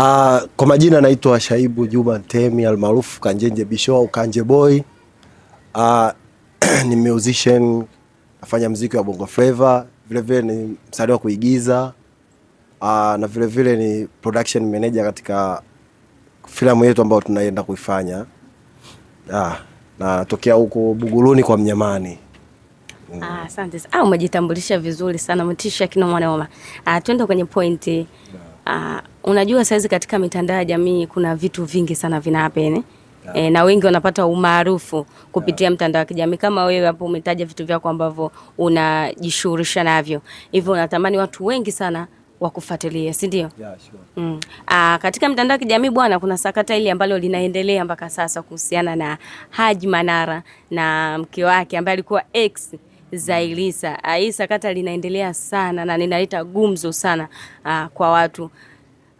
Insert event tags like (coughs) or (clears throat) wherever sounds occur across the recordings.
Aa, ah, kwa majina naitwa Shaibu Juma Ntemi almaarufu Kanjenje Bisho au Kanje Boy. Ah, (clears throat) ni musician, nafanya muziki wa Bongo Flava, vile vile ni msanii wa kuigiza. Aa, ah, na vile vile ni production manager katika filamu yetu ambayo tunaenda kuifanya. Ah, na natokea huko Buguruni kwa Mnyamani. Mm. Ah, asante. Ah, umejitambulisha vizuri sana Mtisha kina mwana mama. Ah, twende kwenye pointi. Ah, Unajua saizi katika mitandao ya jamii kuna vitu vingi sana vina happen. E, na wengi wanapata umaarufu kupitia yeah, mtandao wa kijamii kama wewe hapo umetaja vitu vyako ambavyo unajishughulisha navyo, hivyo unatamani watu wengi sana wakufuatilia, si ndio? Yeah, sure. Mm. Ah, katika mtandao wa kijamii bwana, kuna sakata ile ambalo linaendelea mpaka sasa kuhusiana na Haji Manara na mke wake ambaye alikuwa ex Zailisa. Mm. Ah, hii sakata linaendelea sana na linaleta gumzo sana aa, ah, kwa watu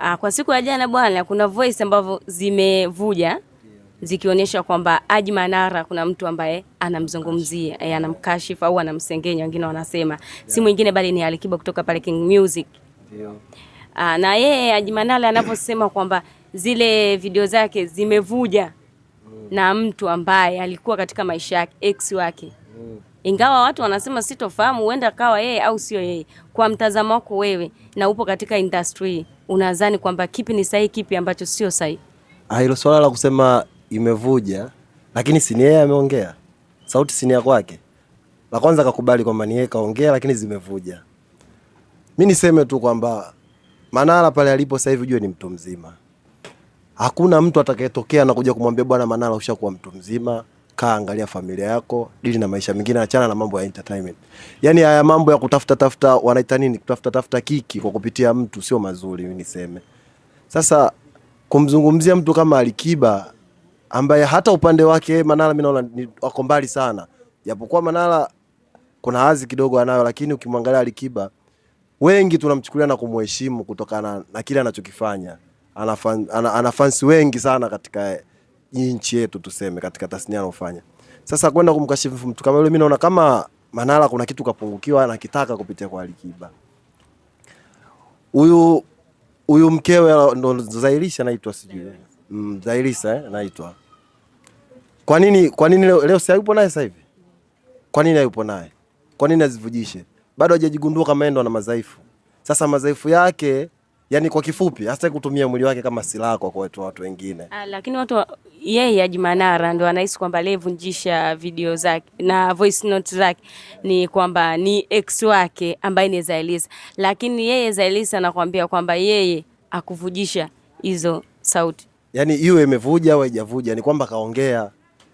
Ah, kwa siku ya jana bwana, kuna voice ambavyo zimevuja zikionyesha kwamba Haji Manara kuna mtu ambaye anamzungumzia e, anamkashifu au anamsengenya, wengine wanasema yeah. si mwingine bali ni Alikiba kutoka pale King Music. yeah. Aa, na yeye Haji Manara anaposema kwamba zile video zake zimevuja mm. na mtu ambaye alikuwa katika maisha yake ex wake, mm. ingawa watu wanasema sitofahamu, huenda kawa yeye au sio yeye. Kwa mtazamo wako wewe, na upo katika industry unadhani kwamba kipi ni sahihi, kipi ambacho sio sahihi? Ah, hilo swala la kusema imevuja, lakini si yeye ameongea, sauti si ya kwake. La kwanza kakubali kwamba ni yeye kaongea, lakini zimevuja. Mi niseme tu kwamba Manara pale alipo sasa hivi, ujue ni mtu mzima. Hakuna mtu atakayetokea na kuja kumwambia bwana Manara ushakuwa mtu mzima kaa angalia familia yako, dili na maisha mengine, achana na mambo ya entertainment. Yani haya mambo ya kutafuta tafuta, wanaita nini, kutafuta tafuta kiki kwa kupitia mtu sio mazuri, Mimi niseme. Sasa kumzungumzia mtu kama Alikiba ambaye hata upande wake Manara mimi naona wako mbali sana, japokuwa Manara kuna hazi kidogo anayo, lakini ukimwangalia Alikiba wengi tunamchukulia na kumheshimu kutokana na, na kile anachokifanya. Ana, ana, ana fans wengi sana katika nchi yetu tuseme katika tasnia anofanya. Sasa kwenda kumkashifu mtu kama yule, mimi naona kama Manara kuna kitu kapungukiwa na kitaka kupitia kwa Alikiba. Huyu huyu mkewe ndo Zailisha anaitwa sijui. Mm, Zailisha eh, anaitwa. Kwa nini kwa nini leo, leo si hayupo naye sasa hivi? Kwa nini hayupo naye? Kwa nini azivujishe? Bado hajajigundua kama yeye ndo ana madhaifu. Sasa madhaifu yake yani kwa kifupi, hasa kutumia mwili wake kama silaha kwa kuwatoa watu wengine. Ah, lakini watu yeye Haji Manara ndo anahisi kwamba aliyevunjisha video zake na voice note zake ni kwamba ni ex wake ambaye ni Zailisa, lakini yeye Zailisa anakuambia kwamba yeye akuvujisha hizo sauti, yani iwe imevuja au haijavuja, ni kwamba kaongea.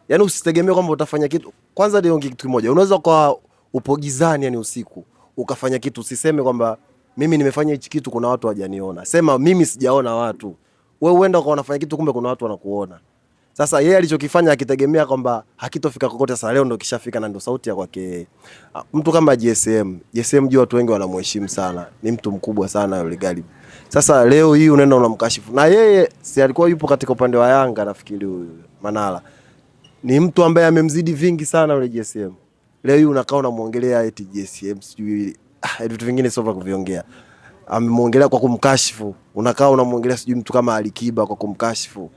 Yani usitegemee kwamba utafanya kitu. Kwanza ndio kitu kimoja, unaweza kwa upogizani, yani usiku ukafanya kitu, usiseme kwamba mimi nimefanya hichi kitu, kuna watu hawajaniona. Sema mimi sijaona watu, we uenda kwa unafanya kitu, kumbe kuna watu wanakuona. Sasa yeye alichokifanya akitegemea kwamba hakitofika kokote, sasa leo ndo kishafika na ndo sauti ya kwake. Ah, mtu kama GSM, GSM juu watu wengi wanamheshimu sana, ni mtu mkubwa sana yule Galibu. Sasa leo hii unaenda unamkashifu, na yeye si alikuwa yupo katika upande wa Yanga, nafikiri huyu Manala ni mtu ambaye amemzidi vingi sana yule GSM. Leo hii unakaa unamwongelea eti GSM sijui Ah, eh, vitu vingine sio vya kuviongea. Amemwongelea kwa kumkashifu, unakaa unamwongelea sijui mtu kama Alikiba kwa kumkashifu.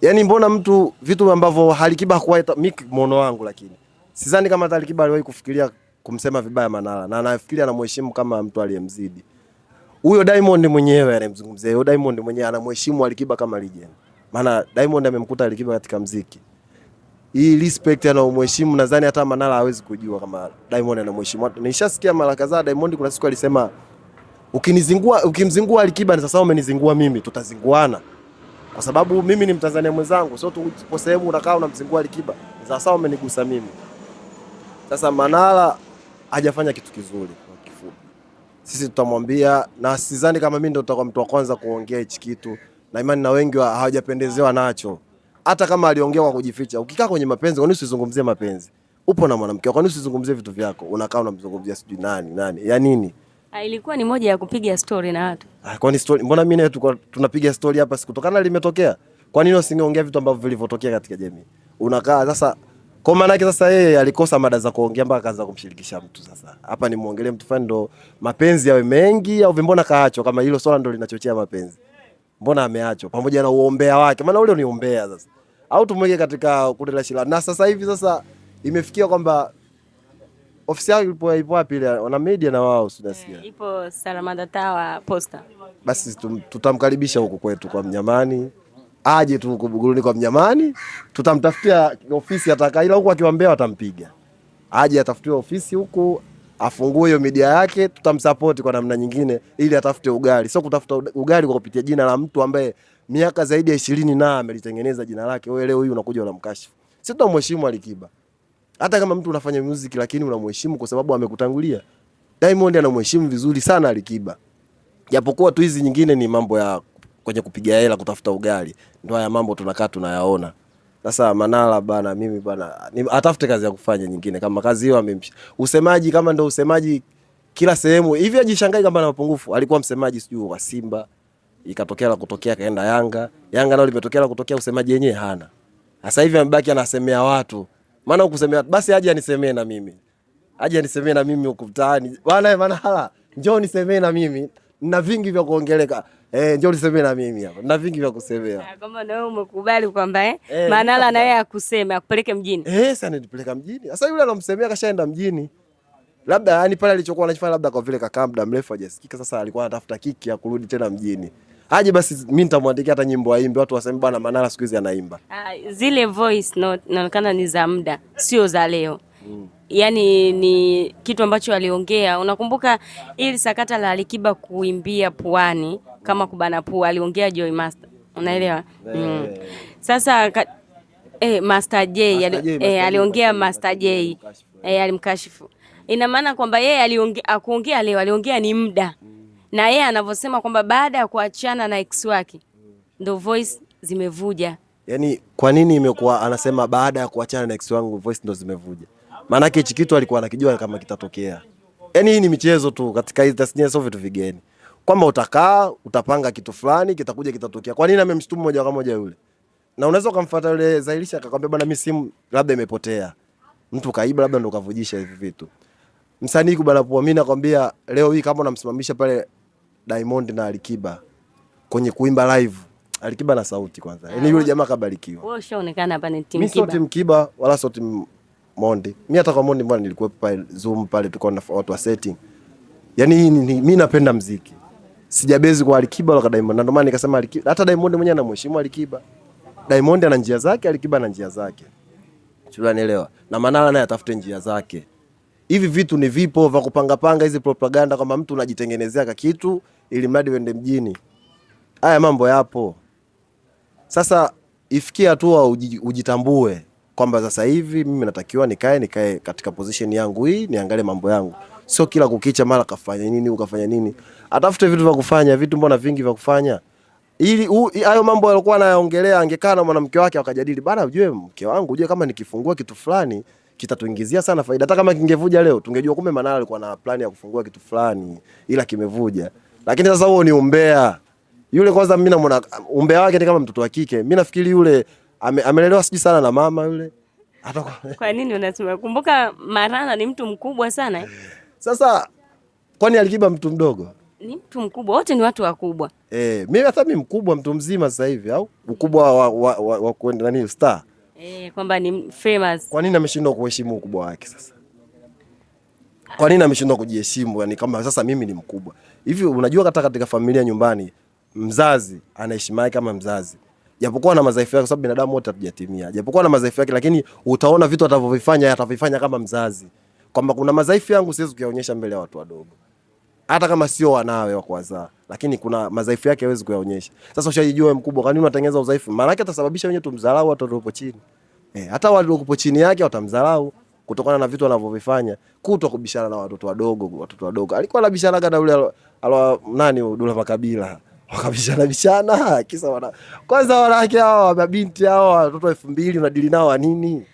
Yaani mbona mtu vitu ambavyo Alikiba hakuwahi, mimi muono wangu, lakini sidhani kama Alikiba aliwahi kufikiria kumsema vibaya Manara, na anafikiri anamheshimu kama mtu aliyemzidi. Huyo Diamond mwenyewe anamzungumzia, huyo Diamond mwenyewe anamheshimu Alikiba kama legend, maana Diamond amemkuta Alikiba katika mziki hii respect anaomheshimu, nadhani hata Manara hawezi kujua kama Diamond anamheshimu. Nishasikia mara kadhaa Diamond, kuna siku alisema ukinizingua, ukimzingua Alikiba, sasa umenizingua mimi, tutazinguana kwa sababu mimi ni Mtanzania mwenzangu, sio tu tupo sehemu unakaa unamzingua Alikiba, sasa umenigusa mimi. Sasa Manara hajafanya kitu kizuri kwa kifupi, sisi tutamwambia, na sidhani kama mimi ndo nitakuwa mtu wa kwanza kuongea hichi kitu, na imani na wengi hawajapendezewa nacho hata kama aliongea kwa kujificha. Ukikaa kwenye mapenzi, kwa nini usizungumzie mapenzi? Upo na mwanamke, kwa nini usizungumzie vitu vyako? Unakaa unamzungumzia sijui nani nani ya nini? Ah, ilikuwa ni moja ya kupiga stori na watu. Ah, kwani stori, mbona mimi na nawe tunapiga stori hapa, sikutokana limetokea. Kwa nini usingeongea vitu ambavyo vilivyotokea katika jamii? Unakaa sasa kwa maana yake sasa yeye alikosa mada za kuongea mpaka akaanza kumshirikisha mtu. Sasa hapa ni muongelee mtu fulani, ndo mapenzi yawe mengi au vimbona kaacho? Kama hilo swala ndo linachochea mapenzi mbona ameachwa pamoja na uombea wake, maana ule ni uombea. Sasa au tumweke katika kundi la shila, na sasa hivi sasa imefikia kwamba ofisi yao ipo ipo wapi ile wana media na wao sinasikia e, eh, ipo Salamanda Tower Posta. Basi tutamkaribisha huko kwetu kwa Mnyamani, aje tu kubuguruni kwa Mnyamani, tutamtafutia ofisi ila huko, akiwambea watampiga aje atafutiwe ofisi huku afungue hiyo media yake, tutamsapoti kwa namna nyingine ili atafute ugali, sio kutafuta ugali kwa kupitia jina la mtu ambaye miaka zaidi ya ishirini na amelitengeneza jina lake. Wewe leo hii unakuja unamkashifu, si tunamheshimu Alikiba. Hata kama mtu unafanya muziki, lakini unamheshimu kwa sababu amekutangulia. Diamond anamheshimu vizuri sana Alikiba, japokuwa tu hizi nyingine ni mambo ya kwenye kupiga hela, kutafuta ugali, ndo haya mambo tunakaa tunayaona. Sasa Manara bana, mimi bana, atafute kazi ya kufanya nyingine kama kazi hiyo amemshi. Usemaji kama ndo usemaji kila sehemu hivi, ajishangai kama na mapungufu. Alikuwa msemaji sijui wa Simba, ikatokea la kutokea, kaenda Yanga. Yanga nao limetokea la kutokea, usemaji yenyewe hana. Sasa hivi amebaki anasemea watu, maana ukusemea basi, aje anisemee na mimi, aje anisemee na mimi huku mtaani bana. Manara njoo nisemee na mimi, na vingi vya kuongeleka. Eh, ndio niseme na mimi hapa. Na vingi vya kusemea. Ah, Kama na wewe umekubali kwamba eh, eh Manara na yeye akuseme akupeleke mjini. Eh, sasa nitupeleka mjini. Sasa yule alomsemea kashaenda mjini. Labda yani pale alichokuwa anachofanya labda kwa vile kakaa muda mrefu hajasikika, sasa alikuwa anatafuta kiki ya kurudi tena mjini. Aje basi mimi nitamwandikia hata nyimbo aimbe, watu waseme bwana Manara siku hizi anaimba. Ah, zile voice note inaonekana ni za muda, sio za leo. Mm. Yaani ni kitu ambacho aliongea. Unakumbuka ili sakata la Alikiba kuimbia Pwani? kama kubana pua, aliongea Joy Master, unaelewa mm. Sasa ka, eh, Master J, eh, aliongea Master J eh, alimkashifu. Ina maana kwamba yeye aliongea akuongea leo, aliongea ni muda mm. na yeye anavyosema kwamba baada ya kuachana na ex wake mm. ndo voice zimevuja. Yaani, kwa nini imekuwa anasema baada ya kuachana na ex wangu voice ndo zimevuja? Maanake hichi kitu alikuwa anakijua kama kitatokea. Yaani hii ni michezo tu katika hizi tasnia, sio vitu vigeni kwamba utakaa utapanga kitu fulani kitakuja kitatokea. Kwa nini amemshtumu moja kwa moja yule? Na unaweza ukamfuata yule Zailisha akakwambia, bwana, mimi simu labda imepotea, mtu kaiba, labda ndo kavujisha hivi vitu. Msanii Kubalapoa, mimi nakwambia leo hii kama unamsimamisha pale Diamond na Alikiba kwenye kuimba live, Alikiba na sauti kwanza, yaani yule jamaa kabarikiwa. Wewe ushaonekana hapa ni timu Kiba, mimi timu Kiba wala sio timu Mondi. Mimi hata kwa Mondi mbona nilikuwa pale Zoom pale, tulikuwa na watu wa setting, yaani mimi napenda muziki sijabezi kwa Alikiba wala kwa Diamond. Ndio maana nikasema Alikiba, hata Diamond mwenyewe anamheshimu Alikiba. Diamond ana njia zake, Alikiba ana njia zake. Unanielewa? Na Manara naye atafute njia zake. Hivi vitu ni vipo vya kupanga panga hizi propaganda kwamba mtu unajitengenezea ka kitu ili mradi uende mjini. Haya mambo yapo. Sasa ifikie hatua ujitambue kwamba sasa hivi mimi natakiwa nikae nikae katika position yangu hii niangalie mambo yangu. Sio kila kukicha mara kafanya nini ukafanya nini, atafute vitu vya kufanya, vitu mbona vingi vya kufanya ili hayo mambo alikuwa anayaongelea, angekaa na mwanamke wake wakajadili bana, ujue mke wangu, ujue kama nikifungua kitu fulani kitatuingizia sana faida. Hata kama kingevuja leo tungejua kumbe Manara alikuwa na plan ya kufungua kitu fulani, ila kimevuja. Lakini sasa huo ni umbea yule. Kwanza mimi namuona umbea wake ni kama mtoto wa kike. Mimi nafikiri yule ame, amelelewa sijui sana na mama yule. Hata kwa nini unasema, kumbuka Marana ni mtu mkubwa sana eh? (laughs) Sasa kwani Alikiba mtu mdogo? Ni mtu mkubwa, wote ni watu wakubwa. Eh, mimi hata mimi mkubwa, mtu mzima sasa hivi au ukubwa wa, wa, wa, wa kwenda nani star eh, kwamba ni famous. Kwa nini ameshindwa kuheshimu ukubwa wake sasa? Kwa nini ameshindwa kujiheshimu? Yani kama sasa mimi ni mkubwa hivi, unajua hata katika familia nyumbani, mzazi anaheshima yake kama mzazi japokuwa na madhaifu yake, kwa sababu binadamu wote hatujatimia, japokuwa na madhaifu yake, lakini utaona vitu atavyovifanya atavifanya kama mzazi kwamba kuna madhaifu yangu siwezi kuyaonyesha mbele ya watu wadogo, hata kama sio wanawe wa wazaa, lakini kuna madhaifu yake hawezi kuyaonyesha. Sasa ushajijua wewe mkubwa, kwa unatengeneza udhaifu? Maana yake atasababisha wenyewe tumdharau watu waliopo chini eh, hata wale waliopo chini yake watamdharau kutokana na vitu anavyovifanya, kuto kubishana na watoto wadogo. Watoto wadogo alikuwa anabishana na yule alo nani Dula Makabila (laughs) wakabishana bishana kisa wana kwanza wanawake hao mabinti hao watoto elfu mbili unadili nao wa nini?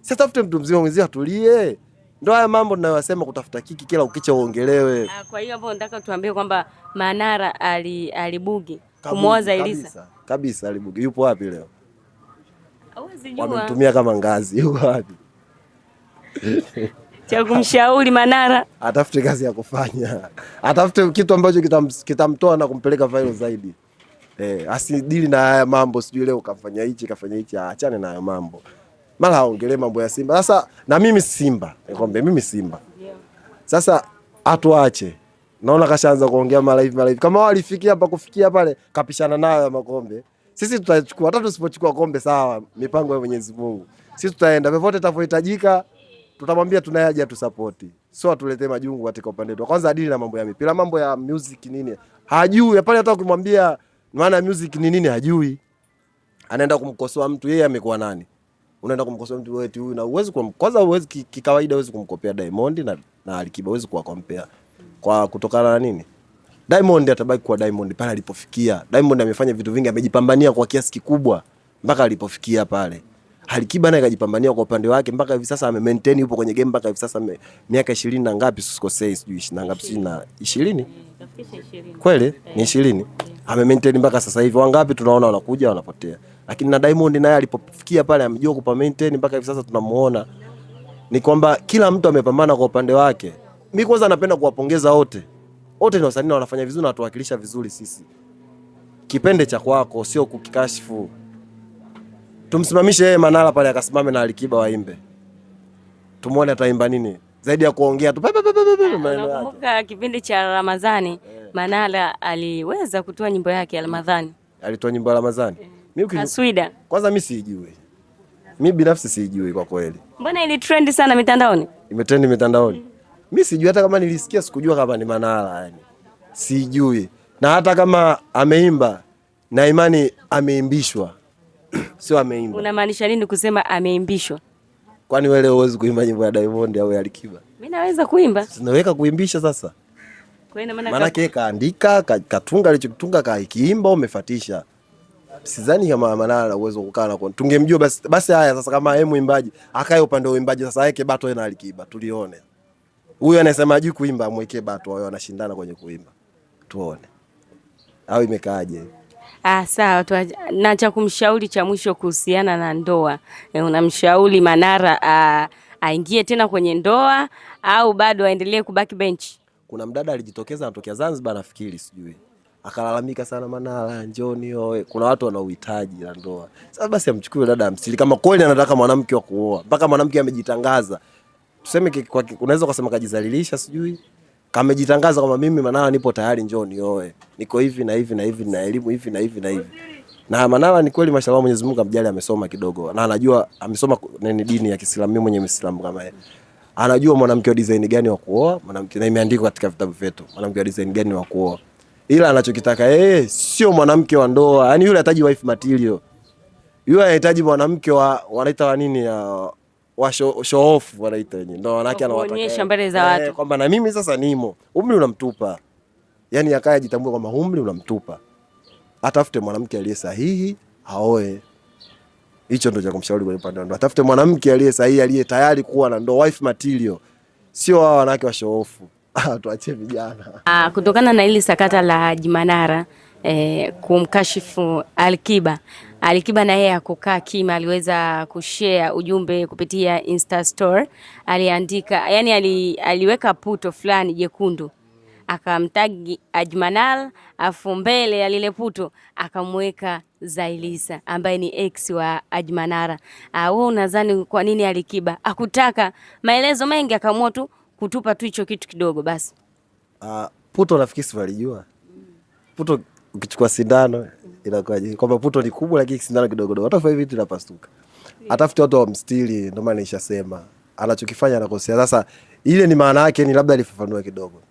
Sasa tafute mtu mzima mwenzio atulie. Ndio haya mambo tunayosema kutafuta kiki kila ukicha uongelewe. Ah, kwa hiyo hapo nataka tuambie kwamba Manara ali alibugi kumwoza Elisa. Kabisa, kabisa alibugi. Yupo wapi leo? Hawezi jua. Wamemtumia kama ngazi. (laughs) Yupo wapi? Cha kumshauri Manara atafute kazi ya kufanya, atafute kitu ambacho kitamtoa kita na kumpeleka viral zaidi. Eh, asidili na haya mambo, sijui leo kafanya hichi kafanya hichi, aachane na haya mambo mara aongelee mambo ya Simba. Sasa na mimi Simba nikwambie, mimi Simba sasa atuache naona kashaanza kuongea mara hivi mara hivi, kama walifikia hapa kufikia pale, kapishana nayo ya makombe. Sisi tutachukua hata tusipochukua kombe, sawa, mipango ya Mwenyezi Mungu. Sisi tutaenda popote tutakapohitajika, tutamwambia tunayaje tu support, sio atuletee majungu katika upande wetu. Kwanza adili na mambo ya mipira, mambo ya music nini hajui pale, hata ukimwambia maana music ni nini hajui, anaenda kumkosoa mtu, yeye amekuwa nani? unaenda kumkosoa mtu wetu huyu, na uwezi kwanza, uwezi kikawaida, uwezi kumkopea Diamond na, na Alikiba, uwezi kuwakompea kwa kutokana na nini? Diamond atabaki kuwa Diamond pale alipofikia. Diamond amefanya vitu vingi, amejipambania kwa kiasi kikubwa mpaka alipofikia pale. Alikiba naye kajipambania kwa upande wake mpaka hivi sasa ame maintain yupo kwenye game mpaka hivi sasa miaka 20 na ngapi sikosei, sijui 20 na ngapi, sijui na 20 kweli ni 20 eh. ame maintain mpaka sasa hivi. Wangapi tunaona wanakuja wanapotea, lakini na Diamond naye alipofikia pale amejua kupa maintain mpaka hivi sasa tunamuona. Ni kwamba kila mtu amepambana kwa upande wake. Mimi kwanza napenda kuwapongeza wote, wote ni wasanii na wanafanya vizuri na watuwakilisha vizuri sisi. Kipende cha kwako sio kukikashifu. Tumsimamishe yeye Manara pale akasimame na Alikiba waimbe. tumwone ataimba nini? Zaidi ya kuongea tu. Nakumbuka kipindi cha Ramadhani eh. Manara aliweza kutoa nyimbo yake ya Ramadhani. Alitoa nyimbo ya Ramadhani. Mimi eh. Kaswida. Kwanza mi siijui. mi binafsi siijui kwa kweli. Mbona ili trend sana mitandaoni? Imetrend mitandaoni. Mm. Mimi sijui hata kama nilisikia, sikujua kama ni Manara yani. Sijui. Na hata kama ameimba na imani ameimbishwa sio ameimba. Unamaanisha nini kusema ameimbishwa? Kwani wewe leo huwezi kuimba nyimbo ya Diamond au ya Alikiba? Mimi naweza kuimba. Sinaweka kuimbisha sasa. Kwa hiyo Maana maana yake kaandika, katunga alichotunga, kaikiimba umefatisha. Sidhani kama Manara uwezo kukaa na tungemjua basi basi. Haya sasa, kama yeye muimbaji akae upande wa uimbaji sasa, yake bato na Alikiba tulione, huyu anasema hajui kuimba, amweke bato wao, wanashindana kwenye kuimba tuone au imekaaje. Ah, sawa tu. Na cha kumshauri cha mwisho kuhusiana na ndoa e, unamshauri Manara ah, aingie tena kwenye ndoa au bado aendelee kubaki benchi? Kuna mdada alijitokeza anatokea Zanzibar nafikiri, sijui akalalamika sana, Manara njoni oe, kuna watu wanaohitaji la ndoa. Sasa basi amchukue dada amsili, kama kweli anataka mwanamke wa kuoa mpaka mwanamke amejitangaza, tuseme unaweza ukasema kajizalilisha, sijui kamejitangaza kwamba mimi Manara nipo tayari, njoo nioe, niko hivi na hivi na hivi na elimu hivi na hivi na hivi na Manara ni kweli, mashallah, Mwenyezi Mungu amjali, amesoma kidogo na anajua amesoma nini dini ya Kiislamu, mimi mwenyewe Muislamu kama yeye, anajua mwanamke wa design gani wa kuoa mwanamke, na imeandikwa katika vitabu vyetu mwanamke wa design gani wa kuoa, ila anachokitaka yeye sio mwanamke wa ndoa, yani yule anahitaji wife material, yule anahitaji mwanamke wa wanaita wa nini ya wa show, show off wanaita wenyewe, ndo wanawake anawaonyesha mbele za eh, watu kwamba na mimi sasa nimo. Umri unamtupa yani, akaya jitambue kwamba umri unamtupa, atafute mwanamke aliye sahihi aoe. Hicho ndo cha kumshauri kwenye upande wa ndoa, atafute mwanamke aliye sahihi, aliye tayari kuwa na ndoa, wife material, sio hao wanawake wa show off. (laughs) Ah, Tuachie vijana. Ah, kutokana na hili sakata la Jimanara eh, kumkashifu Alikiba Alikiba na yeye hakukaa kima, aliweza kushare ujumbe kupitia Insta store, Aliandika yani ali, aliweka puto fulani jekundu akamtagi Ajmanal, afu mbele ya lile puto akamweka Zailisa ambaye ni ex wa Ajmanara. Ah, wewe unadhani kwa nini Alikiba akutaka maelezo mengi, akaamua tu kutupa tu hicho kitu kidogo basi. Uh, puto rafiki, si walijua puto, ukichukua sindano inakuwaje kwamba puto ni kubwa lakini kisindano kidogo dogo, hata hivi tunapasuka, atafute watu wamstili. Ndio maana nishasema anachokifanya anakosea. Sasa ile ni maana yake, ni labda alifafanua kidogo.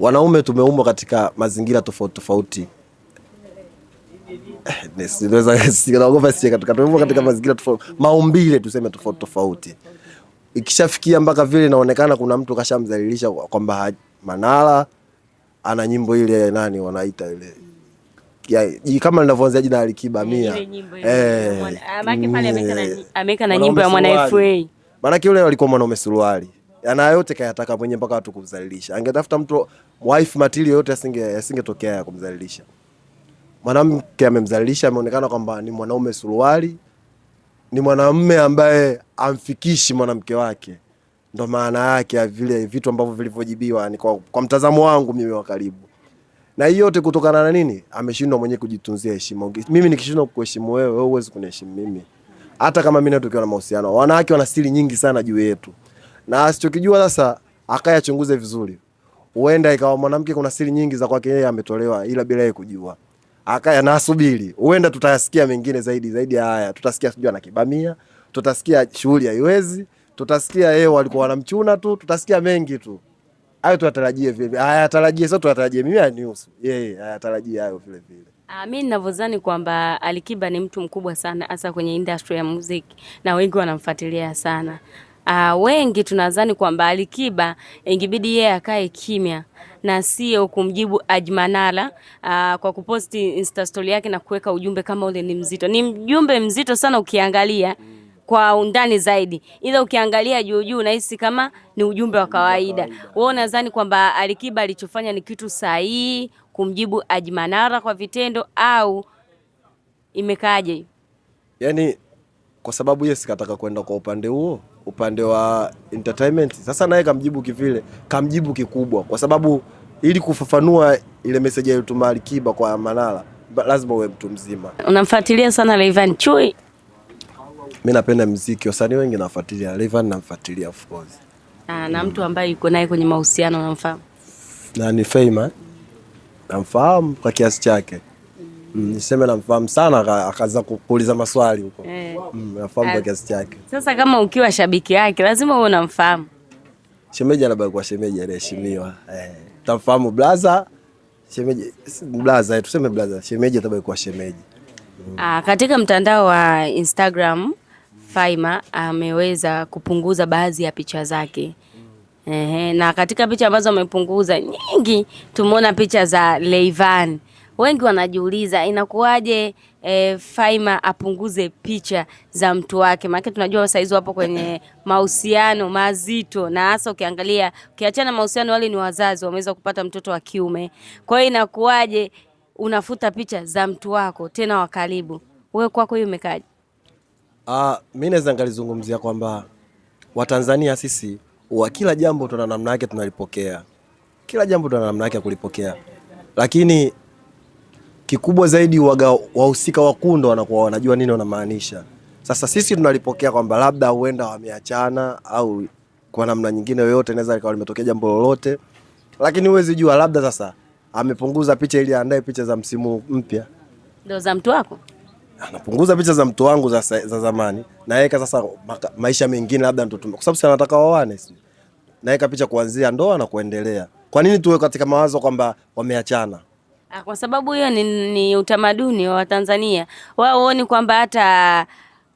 Wanaume tumeumbwa katika mazingira tofauti tofauti eh, (laughs) katika mazingira tofauti, maumbile tuseme tofauti tofauti. Ikishafikia mpaka vile inaonekana kuna mtu kashamdhalilisha kwamba Manara ana nyimbo ile nani wanaita ile kama linavyoanzia jina Alikiba eh, Mia, ameweka na eh. nyimbo ya Mwana FA. Eh. Maanake yule alikuwa mwanaume suruali, ana yote kayataka mwenye mpaka watu kumzalilisha. Angetafuta mtu wife matili yote asingetokea ya kumzalilisha mwanamke. Amemzalilisha, ameonekana kwamba ni mwanaume suruali, ni mwanamume ambaye amfikishi mwanamke wake. Ndo maana yake ya vile vitu ambavyo vilivyojibiwa, ni kwa, kwa mtazamo wangu mimi wa karibu na hii yote kutokana na nini? Ameshindwa mwenye kujitunzia heshima. Mimi nikishindwa kuheshimu wewe, wewe huwezi kuniheshimu mimi, hata kama mimi na tukiwa na mahusiano. Wanawake wana siri nyingi sana juu yetu, na asichokijua sasa akayachunguze vizuri, huenda ikawa mwanamke kuna siri nyingi za kwake yeye ametolewa, ila bila yeye kujua. Akaya na asubiri, huenda tutayasikia mengine zaidi zaidi ya haya. Tutasikia sijui ana kibamia, tutasikia shughuli haiwezi, tutasikia yeye walikuwa wanamchuna tu, tutasikia mengi tu hayo tuyatarajie vile vile, hayatarajie sio tuyatarajie, mimi hayanihusu yeye, hayatarajie hayo vile vile. Ah, Mi ninavyozani kwamba Alikiba ni mtu mkubwa sana hasa kwenye industry ya muziki na wengi wanamfuatilia sana. Uh, wengi tunadhani kwamba Alikiba ingibidi yeye akae kimya na sio kumjibu Ajmanala uh, kwa kuposti insta story yake na kuweka ujumbe kama ule. Ni mzito, ni mjumbe mzito sana ukiangalia mm kwa undani zaidi, ila ukiangalia juu juu unahisi kama ni ujumbe wa kawaida. Wewe unadhani kwamba Alikiba alichofanya ni kitu sahihi kumjibu Ajmanara kwa vitendo au imekaje? Yani kwa sababu yeye sikataka kwenda kwa upande huo, upande wa entertainment. Sasa naye kamjibu kivile, kamjibu kikubwa, kwa sababu ili kufafanua ile meseji ya Alikiba kwa Manara lazima uwe mtu mzima. Unamfuatilia sana Rayvanny Chui? mi napenda mziki, wasanii wengi nafuatilia. Rayvanny namfuatilia of course. Ah, na mtu ambaye yuko naye kwenye mahusiano unamfahamu? Na ni Feima namfahamu kwa kiasi chake Mm, niseme namfahamu sana, akaanza kuuliza maswali huko eh. Mm, namfahamu kwa ah, kiasi chake. Sasa kama ukiwa shabiki yake lazima uwe unamfahamu shemeji, anabaki kwa shemeji anaheshimiwa eh. Eh, tamfahamu blaza shemeji, blaza tuseme blaza, shemeji atabaki kwa shemeji mm. Ah, katika mtandao wa Instagram Faima ameweza kupunguza baadhi ya picha zake. Ehe, na katika picha ambazo amepunguza nyingi, tumeona picha za Rayvanny. Wengi wanajiuliza inakuwaje e, Faima apunguze picha za mtu wake, maana tunajua saizi wapo kwenye (coughs) mahusiano mazito, na hasa ukiangalia, ukiachana mahusiano, wale ni wazazi wameweza kupata mtoto wa kiume. Kwa hiyo inakuwaje unafuta picha za mtu wako tena wa karibu? Wewe kwako hiyo imekaje? Uh, mi naweza nikalizungumzia kwamba Watanzania sisi wa kila jambo tuna namna yake tunalipokea, kila jambo tuna namna yake ya kulipokea, lakini kikubwa zaidi waga wahusika wakundo wanakuwa wanajua nini wanamaanisha. Sasa sisi tunalipokea kwamba labda huenda wameachana au kwa namna nyingine yoyote inaweza ikawa limetokea jambo lolote, lakini huwezi jua, labda sasa amepunguza picha ili aandae picha za msimu mpya, ndio za mtu wako anapunguza picha za mtu wangu za, za zamani, naweka sasa maisha mengine, labda mtoto, kwa sababu sana nataka waoane, naweka picha kuanzia ndoa na kuendelea. Kwa nini tuwe katika mawazo kwamba wameachana? Ah, kwa sababu hiyo ni, ni utamaduni wa Tanzania. Wao waoni kwamba hata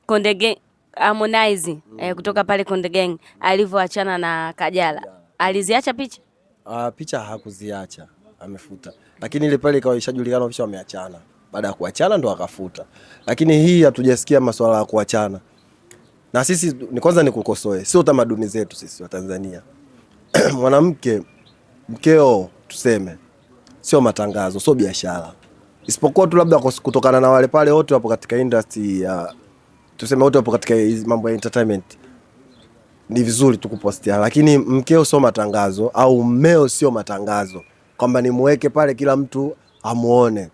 Konde Gang Harmonize mm. eh, kutoka pale Konde Gang alivyoachana na Kajala yeah. aliziacha picha uh, picha hakuziacha amefuta, lakini ile pale ikawa ishajulikana picha wameachana baada ya kuachana ndo akafuta, lakini hii hatujasikia masuala ya kuachana. Na sisi ni kwanza nikukosoe, sio tamaduni zetu sisi wa Tanzania (clears throat) mwanamke mkeo tuseme sio matangazo, sio biashara, isipokuwa tu labda kutokana na wale pale wote wapo katika industry ya tuseme, wote wapo katika mambo ya entertainment, ni vizuri tukupostia, lakini mkeo sio matangazo au mmeo sio matangazo, kwamba nimweke pale kila mtu amuone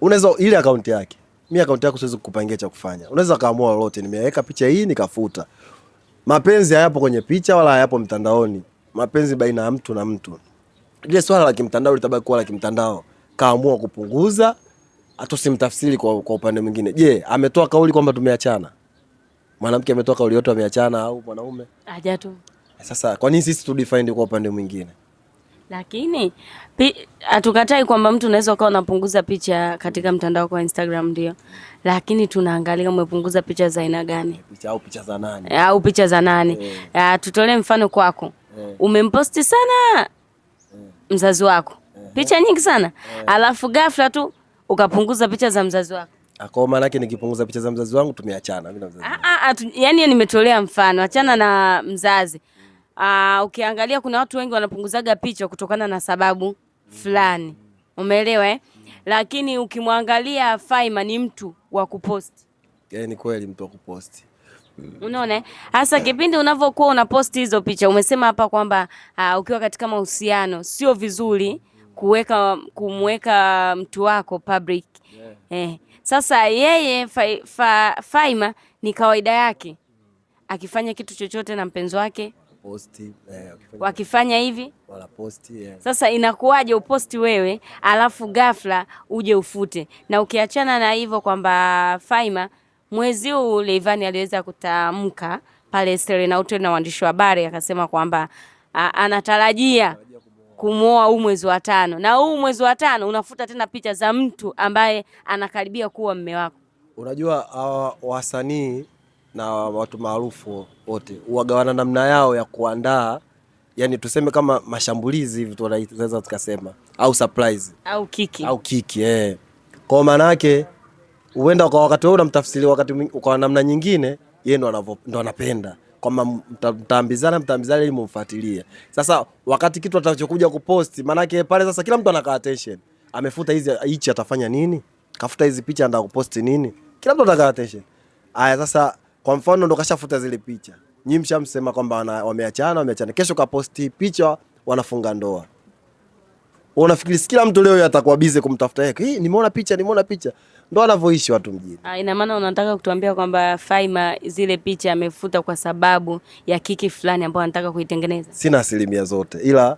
unaweza ile akaunti yake, mi akaunti yako siwezi kukupangia cha kufanya. Unaweza kaamua lolote, nimeweka picha hii nikafuta. Mapenzi hayapo kwenye picha wala hayapo mtandaoni. Mapenzi baina ya mtu na mtu. Ile swala la kimtandao litabaki kuwa la kimtandao. Kaamua kupunguza hata kwa, kwa upande mwingine. Je, ametoa kauli kwamba tumeachana? Mwanamke ametoa kauli yote ameachana au mwanaume? Hajatoa. Sasa kwa nini sisi tudefine kwa upande mwingine? Lakini hatukatai kwamba mtu unaweza ukawa unapunguza picha katika mtandao kwa Instagram ndio, lakini tunaangalia umepunguza picha za aina gani picha au picha za nani, au picha za nani. E, tutolee mfano kwako. e, Umemposti sana e, mzazi wako e, picha nyingi sana e, Alafu ghafla tu ukapunguza picha za mzazi wako. Ah, kwa maana yake nikipunguza picha za mzazi wangu tumeachana mimi na mzazi. Ah ah, yani nimetolea mfano, achana na mzazi uh, ukiangalia kuna watu wengi wanapunguzaga picha kutokana na sababu fulani, umeelewa eh? Lakini ukimwangalia Faima ni mtu wa kupost. yeah, ni kweli mtu wa kupost. Unaona, eh? hasa kipindi unavyokuwa unaposti hizo picha, umesema hapa kwamba uh, ukiwa katika mahusiano sio vizuri kuweka kumweka mtu wako public yeah. Eh, sasa yeye fa, fa, Faima ni kawaida yake akifanya kitu chochote na mpenzi wake wanaposti eh, wakifanya hivi wanaposti eh. Sasa inakuwaje uposti wewe alafu ghafla uje ufute? Na ukiachana na hivyo kwamba Faima mwezi huu Leivani aliweza kutamka pale Serena Hotel na waandishi wa habari akasema kwamba anatarajia kumwoa huu mwezi wa tano, na huu mwezi wa tano unafuta tena picha za mtu ambaye anakaribia kuwa mme wako. Unajua uh, wasanii na watu maarufu wote uwagawana namna yao ya kuandaa yani tuseme kama mashambulizi hivi tunaweza tukasema, au surprise au kiki au kiki eh. Kwa maana yake huenda kwa wakati wewe unamtafsiri wakati kwa namna nyingine, yeye ndo anavyo ndo anapenda kama mtaambizana mtaambizana ili mumfuatilie. Sasa wakati kitu atachokuja kuposti, maana yake pale sasa kila mtu anakaa attention, amefuta hizi hichi atafanya nini, kafuta hizi picha anataka kuposti nini, kila mtu anataka attention. Aya sasa kwa mfano ndo kashafuta zile picha, nyinyi mshamsema kwamba wameachana, wameachana, kesho kaposti picha wanafunga ndoa. Unafikiri kila mtu leo atakuwa bize kumtafuta yake? Hii nimeona picha, nimeona picha. Ndo anavyoishi watu mjini. Ah, ina maana unataka kutuambia kwamba Faima zile picha amefuta kwa sababu ya kiki fulani ambayo anataka kuitengeneza? Sina asilimia zote, ila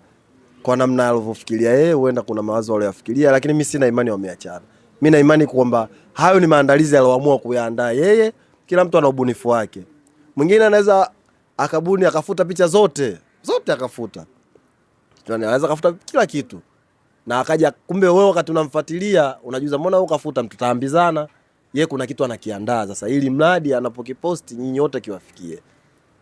kwa namna alivyofikiria yeye, huenda kuna mawazo aliyofikiria, lakini mi sina imani wameachana. Mi na imani kwamba hayo ni maandalizi aliyoamua kuyaandaa yeye kila mtu ana ubunifu wake. Mwingine anaweza akabuni akafuta picha zote zote, akafuta yaani anaweza akafuta kila kitu, na akaja kumbe, wewe wakati unamfuatilia unajuza, mbona wewe ukafuta? Mtutaambizana yeye kuna kitu anakiandaa sasa, ili mradi anapokiposti nyinyi wote kiwafikie.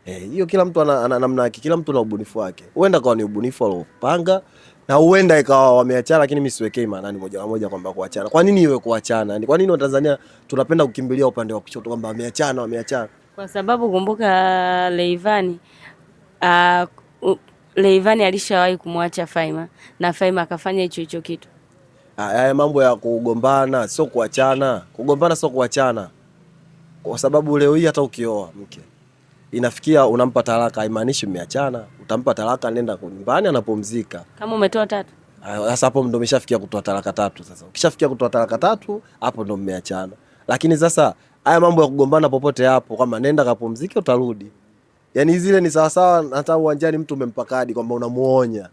Eh, hiyo kila mtu ana namna yake, kila mtu na ubunifu wake. Huenda kawa ni ubunifu aliopanga na huenda ikawa wameachana, lakini mimi siwekei maanani moja kwa moja kwamba kuachana. Kwa nini iwe kuachana? kwa nini Watanzania tunapenda kukimbilia upande wa kushoto kwamba wameachana, wameachana? Kwa sababu kumbuka Leivani uh, Leivani alishawahi kumwacha Faima na Faima akafanya hicho hicho kitu. Ah, haya mambo ya kugombana sio kuachana, kugombana sio kuachana, kwa sababu leo hii hata ukioa mke inafikia unampa talaka, haimaanishi mmeachana. Utampa talaka, nenda nyumbani, anapumzika. Kama umetoa tatu, sasa hapo ndo umeshafikia kutoa talaka tatu. Sasa ukishafikia kutoa talaka tatu, hapo ndo mmeachana. Lakini sasa haya mambo ya kugombana popote hapo, kama nenda kapumzike, utarudi. Yani zile ni sawasawa, hata uwanjani mtu umempa kadi kwamba unamuonya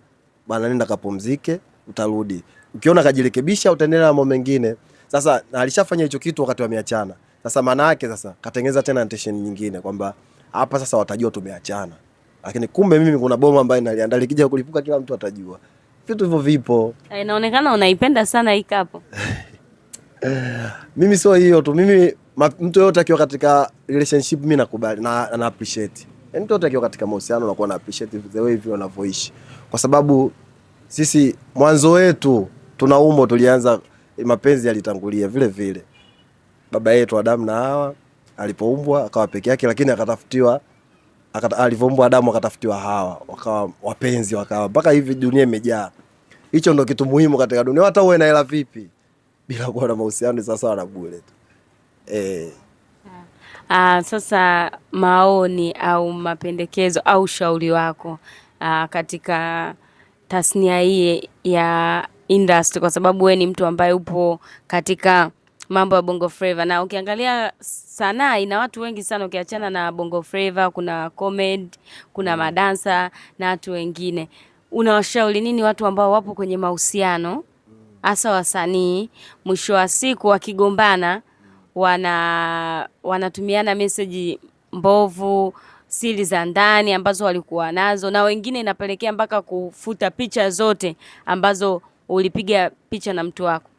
bana, nenda kapumzike, utarudi. Ukiona kajirekebisha, utaendelea na mambo mengine. Sasa alishafanya hicho kitu wakati wameachana, sasa maana yake sasa katengeneza tena tension nyingine kwamba hapa sasa watajua tumeachana. Lakini kumbe mimi kuna boma ambayo naliandaa likija kulipuka kila mtu atajua. Vitu hivyo vipo. Eh, inaonekana unaipenda sana hii kapo. Mimi sio hiyo tu. Mimi mtu yote akiwa katika relationship mimi nakubali na, na appreciate. Yaani mtu yote akiwa katika mahusiano nakuwa na appreciate the way vile wanavyoishi. Kwa sababu sisi mwanzo wetu tuna umo tulianza mapenzi yalitangulia vile vile. Baba yetu Adamu na Hawa alipoumbwa akawa peke yake, lakini akatafutiwa akata, alivyoumbwa Adamu akatafutiwa Hawa, wakawa wapenzi, wakawa mpaka hivi dunia imejaa. Hicho ndo kitu muhimu katika dunia. Hata uwe na hela vipi, bila kuwa na mahusiano sasa na bure tu eh. Uh, sasa maoni au mapendekezo au ushauri wako uh, katika tasnia hii ya industry, kwa sababu we ni mtu ambaye upo katika mambo ya Bongo Flava. Na ukiangalia sanaa ina watu wengi sana, ukiachana na Bongo Flava kuna comedy, kuna mm. madansa na watu wengine. Unawashauri nini watu ambao wapo kwenye mahusiano hasa wasanii, mwisho wa siku wakigombana, wana wanatumiana meseji mbovu siri za ndani ambazo walikuwa nazo, na wengine inapelekea mpaka kufuta picha zote ambazo ulipiga picha na mtu wako.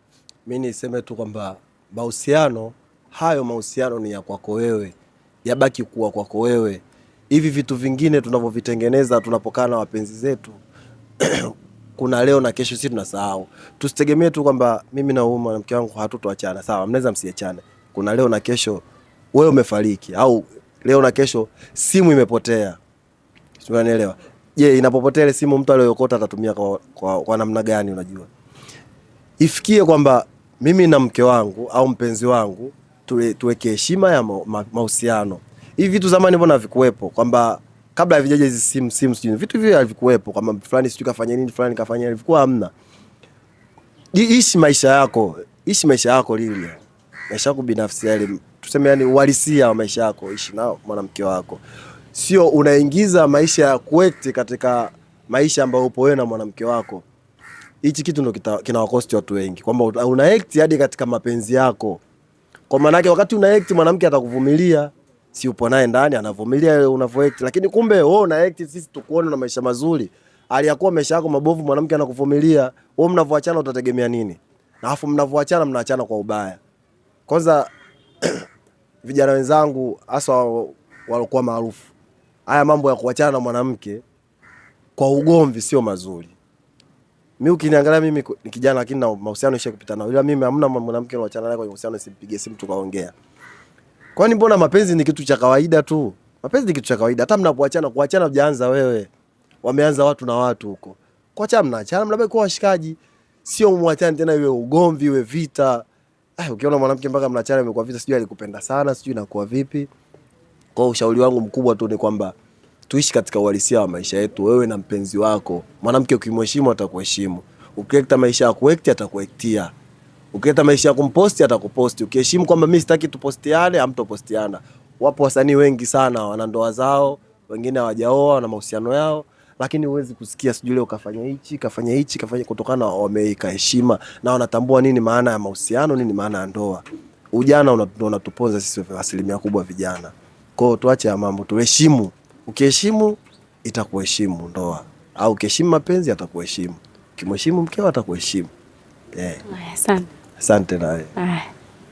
Mi niseme tu kwamba mahusiano hayo, mahusiano ni ya kwako wewe, yabaki kuwa kwako wewe. Hivi vitu vingine tunavyovitengeneza tunapokaa na wapenzi zetu (clears throat) kuna leo na kesho, si tunasahau. Tusitegemee tu kwamba mimi na huyu mwanamke wangu hatutoachana. Sawa, mnaweza msiachane, kuna leo na kesho wewe umefariki, au leo na kesho simu imepotea, unanielewa? Je, inapopotea ile simu mtu aliyokota atatumia kwa, kwa, kwa namna gani? Unajua, ifikie kwamba mimi na mke wangu au mpenzi wangu tuweke heshima ya mahusiano. ma, Hivi vitu zamani mbona havikuwepo kwamba kabla havijaja hizi simu simu sijui vitu hivyo havikuwepo kwamba fulani sijui kafanya nini fulani kafanya nini, vilikuwa hamna. Ishi maisha yako, ishi maisha yako lili, maisha yako binafsi yale, tuseme yani uhalisia wa maisha yako, ishi na mwanamke wako, sio unaingiza maisha ya kwete katika maisha ambayo upo wewe na mwanamke wako hichi kitu ndo kinawakosti watu wengi, kwamba una act hadi katika mapenzi yako. Kwa maana yake wakati una act mwanamke atakuvumilia, si upo naye ndani, anavumilia unavyo act, lakini kumbe wewe una act, sisi tukuone na maisha mazuri, aliyakuwa maisha yako mabovu, mwanamke anakuvumilia wewe, mnavoachana utategemea nini? Na afu mnavoachana mnaachana kwa ubaya. Kwanza (clears throat) vijana wenzangu hasa walokuwa maarufu, haya mambo ya kuachana na mwanamke kwa ugomvi sio mazuri mimi ukiniangalia mimi ni kijana lakini na mahusiano kupita nao, ila mimi hamna mwanamke niloachana naye kwenye mahusiano simpige simu tukaongea. Kwani mbona mapenzi ni kitu cha kawaida tu, mapenzi ni kitu cha kawaida. Hata mnapoachana, kuachana hujaanza wewe, wameanza watu na watu huko. Kuachana mnaachana, mnabaki kuwa washikaji, sio mwachane tena iwe ugomvi iwe vita. Ah, ukiona mwanamke mpaka mnaachana imekuwa vita, sijui alikupenda sana, sijui inakuwa vipi. Kwa ushauri wangu mkubwa tu ni kwamba tuishi katika uhalisia wa maisha yetu, wewe na mpenzi wako. Mwanamke ukimheshimu atakuheshimu, ukileta maisha ya kuekti atakuektia, ukileta maisha ya kumposti atakuposti. Ukiheshimu kwamba mimi sitaki tupostiane, hamtopostiana. Wapo wasanii wengi sana wana ndoa zao, wengine hawajaoa, na mahusiano yao lakini huwezi kusikia sijui leo kafanya hichi kafanya hichi kafanya, kutokana na wameika heshima na wanatambua nini maana ya mahusiano, nini maana ya ndoa. Ujana unatuponza sisi asilimia kubwa vijana, kwao tuache ya mambo, tuheshimu Ukiheshimu itakuheshimu ndoa, au ukiheshimu mapenzi atakuheshimu, ukimheshimu mkeo atakuheshimu. Eh. Asante, asante nawe,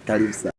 karibu sana.